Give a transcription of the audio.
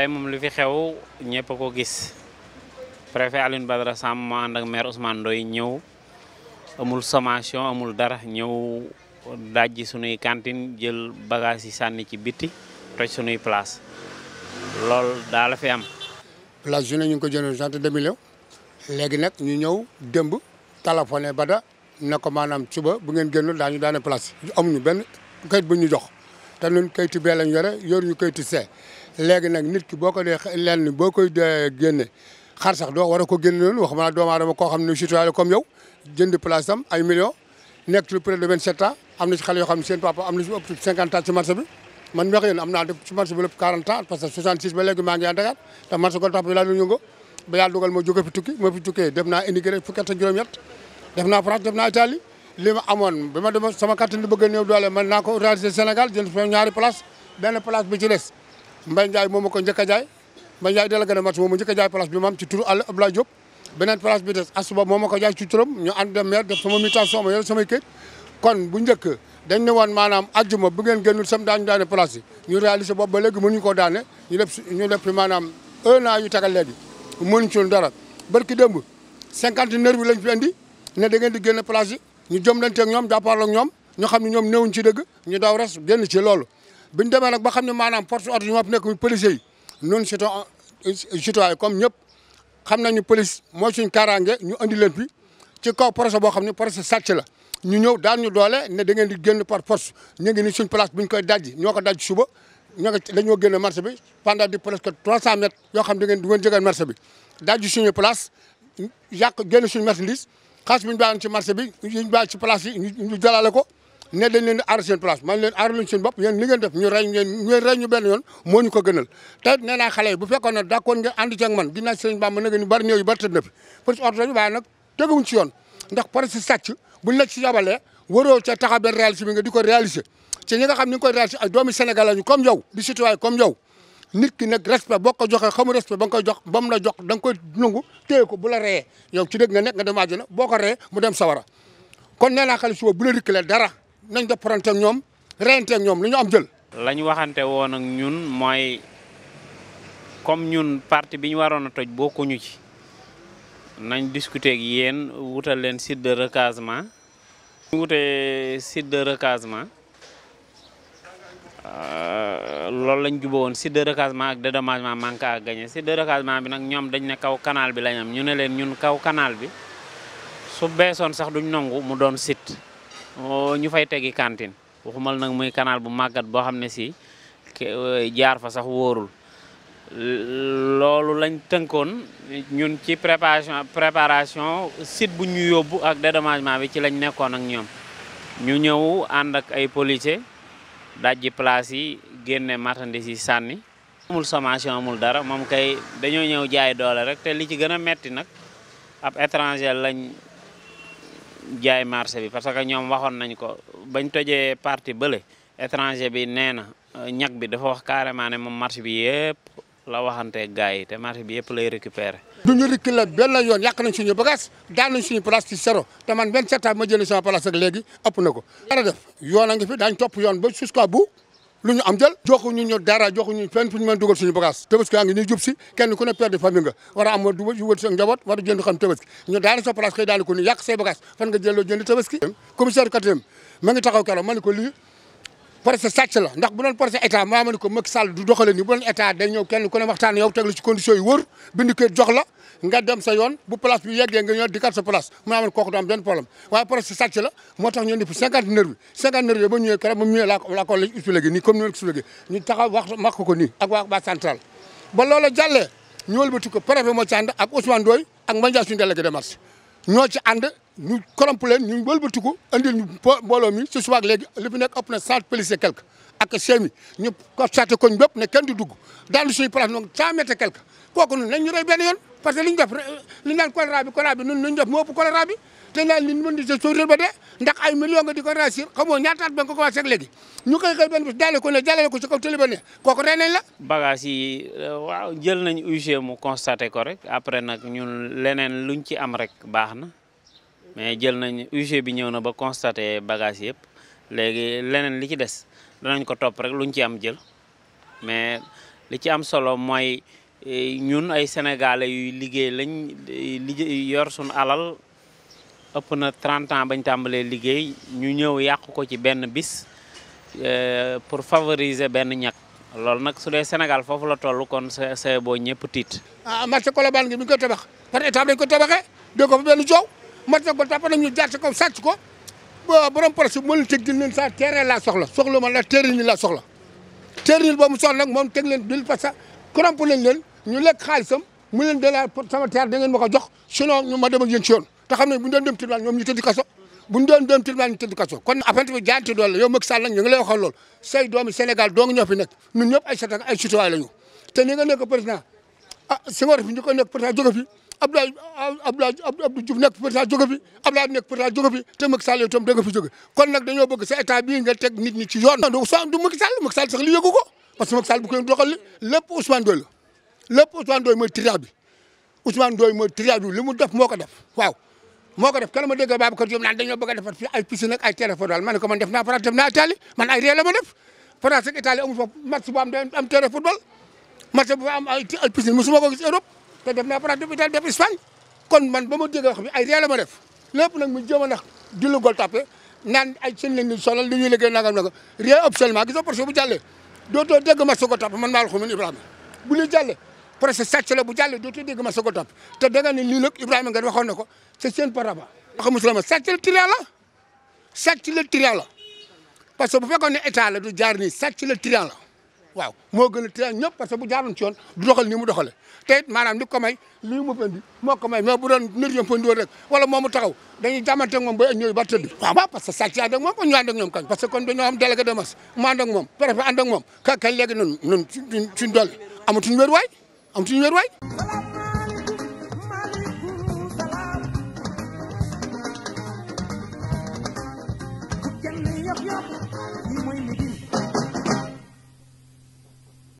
tey moom lu fi xew ñëpp ko gis préfet Alioune Badara Samb moo ànd ak maire Ousmane Ndoye ñëw amul sommation amul dara ñëw dajji sunuy cantine jël bagage yi sànni ci biti toj sunuy place loolu daal la fi am. place ju ñu ngi ko jëndoon cent deux millions léegi nag ñu ñëw démb téléphoné Bada na ko maanaam suba bu ngeen génn daañu daane place amuñu benn kayit bu ñu jox. te ñun kayitu bee lañ yore yor ñu kayitu see léegi nag nit ki boo ko dee lenn boo koy génne xar sax doo war a ko génne noonu wax ma doomu aadama koo xam ne citoyen comme yow jënd place am ay millions nekk lu près de 27 ans am na ci xale yoo xam seen papa am na ci ëpp 50 ans ci marché bi man mi wax am naa def ci marché bi lépp 40 ans parce que 66 ba léegi maa ngi à Dakar te marché Gueule-Tapée bi laa doon yëngoo ba yàlla dugal ma li ma amoon bi ma dama sama kattan di bëgg a néew ma mën naa ko réaliser Sénégal jënd fa ñaari place benn place bi ci des Mbaye Ndiaye moo ko njëkk a jaay Mbaye Ndiaye dala gën a mat moo ma a jaay place bi ma ci turu àll Abdoulaye Diop beneen place bi des asuba moo ko jaay ci ñu ànd dem def sama mutation ma yore samay kayit kon bu njëkk dañ ne woon maanaam ajjuma bu ngeen génnul sam daañu daane place yi ñu réaliser boobu ba léegi mënuñu koo daane ñu def ñu def maanaam un an yu tagal léegi mënuñu dara barki démb cinquante neuf bi lañ fi indi ne da ngeen di génn yi ñu jom jëmlanteeg ñoom jàpparloog ñoom ñu xam ne ñoom néewuñ ci dëgg ñu daw res génn ci loolu bi ñu demee nag ba xam ne maanaam force ordre yi ma nekk muy policiers yi noonu citoyen citoyen comme ñëpp xam nañu police mooy suñ kaaraange ñu andi leen bi ci kaw projet boo xam ne projet sàcc la ñu ñëw daan ñu doole ne da ngeen di génn par force ñu ngi ni suñ place bu koy dajji ñoo ko dajji suba ñoo ko dañoo génn marché bi pendant di presque 300 mètres yoo xam da ngeen du ngeen jógee marché bi dajji suñu place yàq génn suñu marchandise xaalis bi ñu bàyyoon ci marché bi ñu bàyyi ci place yi ñu jalaale ko ne dañ leen di aar seen place man leen aar luñ seen bopp yéen li rey ngeen ñu rey moo ñu ko gënal te nee naa bu fekkoon ne d'accord nga ànd ci man ginnaaw Sëriñ Bamba na ngeen bari bi waaye nag teguwuñ xam ni nga koy réaliser ay doomi Sénégal nit ki nag respect boo ko joxee xamu respect ba nga koy jox ba mu la jox da nga koy nangu téye ko bu la reyee yow ci dëgg nga nekk nga dem àjjana boo ko reyee mu dem sawara kon nee naa xale suba bu la rikkalee dara nañ def parenté ak ñoom reyante ak ñoom lu ñu am jël. la ñu waxante woon ak ñun mooy comme ñun parti bi ñu waroon a toj bokkuñu ci nañ discuter ak yéen wutal leen site de recasement. ñu wutee de recasement. Euh, loolu lañ jubóowoon si de recasement ak dédommagement manque à gagner si de recasement bi nag ñoom dañ ne kaw canal bi lañ ñu ne leen ñun kaw canal bi su beesoon sax duñ nangu mu doon sit oh, ñu fay tegi cantine waxumal nag mooy canal bu màggat boo xam ne si euh, jaar fa sax wóorul loolu lañ tënkoon ñun ci préparation préparation site bu ñu yóbbu ak dédommagement bi ci lañ nekkoon ak ñoom ñu ñëw ànd ay policier dajji place yi génne marchandise yi sànni. amul sommation amul dara moom kay dañoo ñëw jaay doole rek te li ci gën a metti nag ab étranger lañ jaay marché bi parce que ñoom waxoon nañ ko bañ tojee parti bële étranger bi nee na euh, ñag bi dafa wax carrément ne moom marché bi yëpp la waxanteeg gars yi te marché bi yëpp lay récupérer. du ñu reculer benn yoon yàq nañ suñu bagage daal nañ suñu place ci zéro te man 27 ans ma jëlee sama place ak léegi ëpp na ko. dara fi daañu topp lu ñu am jël joxuñu ñu dara joxuñu fenn fu ñu mën dugal suñu bagage tabaski yaa ngi ñuy kenn ku ne de famille nga war a am du wër sa njaboot war a jënd xam tabaski place koy daana ko ni yàq fan nga jël loo jënd tabaski commissaire quatrième ma ngi taxaw keroog ma lii procès sàcc la ndax bu doon procès état maa ma ne ko Macky Sall du doxale ni bu doon état day ñëw kenn ku ne waxtaan yow teg la ci conditions yu wër bind jox la nga dem sa yoon bu place bi yeggee nga ñëw dikkaat sa place maa ma ne kooku du benn problème waaye procès sàcc la moo tax ñu indi fi cinquante neuf cinquante neuf yooyu ba ñëwee mu ñëwee laa ko laa ko expliqué nii comme ni ma expliqué ñu taxaw wax wax ko nii ak waa waa central ba loola jàllee ñu wëlbati ko préfet moo ci ànd ci ñu corrompu leen ñu wëlbatiku andil ñu mbooloo mi ci subaak léegi li fi nekk ëpp na cent policier quelque ak chemi ñu constaté koñ bépp ne kenn du dugg daandu suñu place noonu cent mètres quelque kooku nun nañ parce que li ñu def li ñu naan choléra bi choléra bi nun ñu def moo ëpp choléra bi te naan li mën di sa sóoréel ba dee ndax ay millions nga di ko réussir xamoo ñaata at ba nga ko commencé ak léegi ñu koy koy benn bis daale ko ne jàllale ko ci kaw tëli ba ne kooku nañ la bagage euh, waaw jël nañ UG mu constaté ko rek après nag ñun leneen luñ ci am rek baax na mais jël na UG bi ñëw na ba constaté bagage yëpp léegi leneen li ci des danañ ko topp rek luñ ci am jël mais li ci am solo mooy e, ñun ay sénégale yuy liggéey lañ liggéey yor suñu alal ëpp na 30 ans bañ tàmbalee liggéey ñu ñëw yàq ko ci benn bis e, pour favoriser benn ñàkk loolu nag su dee Sénégal foofu la toll kon sa sa boo ah, marché Colobane gi bu ñu ko tabax par étape dañ ko tabaxee dégg ko fa benn coow. mat nag ba tàpp nag ñu jaar ci kaw sàcc ko ba borom projet bi leen teg di leen sa terrain laa soxla soxla ma la terrain la soxla terrain boobu soxla nag moom teg leen bil parce que koromp leen ñu lekk xaalisam mu leen dalaa sama terre da ngeen ma ko jox ma dem ak yéen yoon te xam ne bu ñu doon dem tribunal ñoom kon affaire bi jaante doole la yow Macky Sall nag ñu ngi lay waxal loolu say doomi Sénégal doo ni nga nekk président ah fi ñu ko nekk président jóge fi Abdoulaye Abdoulaye Abdou Diouf nekk président jóge fi Abdoulaye nekk président te Macky Sall itam da nga fi jóge kon nag dañoo bëgg sa état parce que Macky Sall bu koy doxal lépp Ousmane Ndoye la lépp Ousmane Ndoye mooy triage bi Ousmane Ndoye li mu def moo ko def waaw. moo ko def kenn ma dégg Babacar Diop naan dañoo bëgg a defar fii ay piscine ak ay terrain daal man ko man def naa France def naa Italie man ay réew la def France ak Italie amul foofu match bu am day am terrain football am ay piscine te def naa France hôpital def Espagne kon man ba ma déggee wax bi ay réew la ma def lépp nag mu jéem a nax jullu gol tapé naan ay seen lañ ñu solal li ñuy liggéey nagam nagam réew absolument gis nga projet bu jàllee dootoo dégg ma soog a tapé man maa la ko mën Ibrahima bu li jàllee projet sàcc la bu jàllee dootoo dégg ma soog a tapé te danga ne lii nag Ibrahima nga waxoon na ko c'est seen paraba wax musulama sàcc la trial la sàcc la trial la parce que bu fekkoon ne état la du jaar nii sàcc la trial la waaw moo gën a teel ñëpp parce que bu jaaroon ci yoon du doxal nii mu doxale te it maanaam li lii mu fendi moo ko may mais bu doon nit ñoom fëndiwoon rek wala moomu taxaw dañuy jàmmante ak moom ba ñëw ba tëdd waaw parce que sàcc ànd ak moom kon ñu ànd ak ñoom kañ moom préfet ànd moom ka kañ léegi nun nun suñ doole amatuñu wér waay amatuñu wér waay Yo, yo.